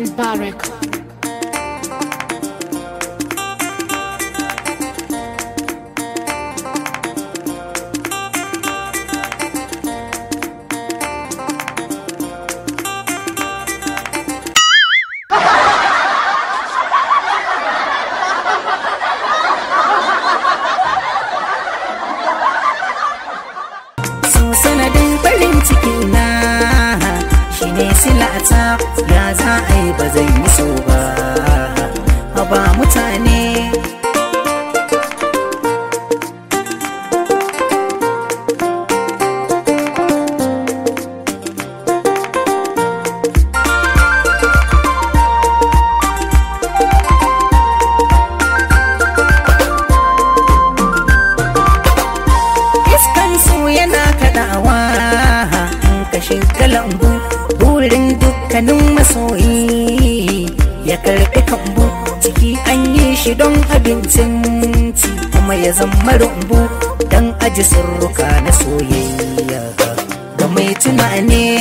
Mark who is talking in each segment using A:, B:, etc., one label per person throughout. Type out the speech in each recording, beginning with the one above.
A: Barack. ta ya za a yi ba zai yi so ba ba mutane iskansu yana kaɗawa in kashin kalan dukkanin masoyi ya karɓi kambu ciki an yi shi don abincin ci kuma ya zama rumbu don aji surruka na soyayya ga mai tunani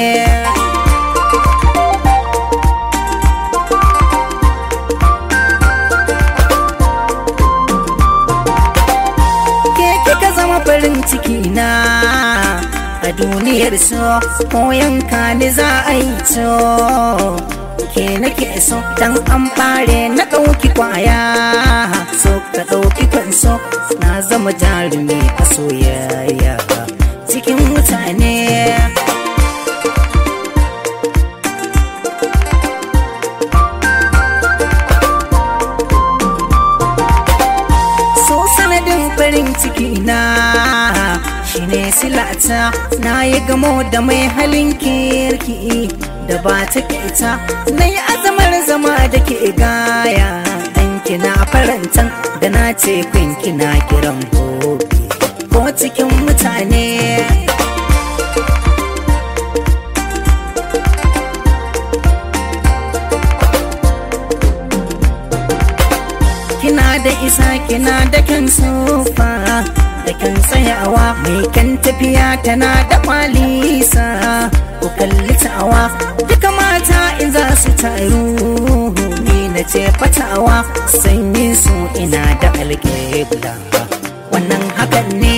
A: Ke ka zama farin ciki na a duniyar so koyan ka ni za a yi so ke nake so dan an fare na ɗauki kwaya so ka ɗauki kwanso na zama jarumi a soyayya cikin mutane So sanadin farin ciki na shine ne silata na yi gamo da mai halin kirki da ba ta ita na yi azamar zama da ke gaya ɗanki na farantan da na ce kwinki na kiran gobe ko cikin mutane kina da isa kina da kan sofa da kin tsayawa mai kan tafiya tana da kwalisa ku kalli ta'awa duka mata in za su taru ni na ce fatawa sanyin su ina da alƙibla wannan hakan ne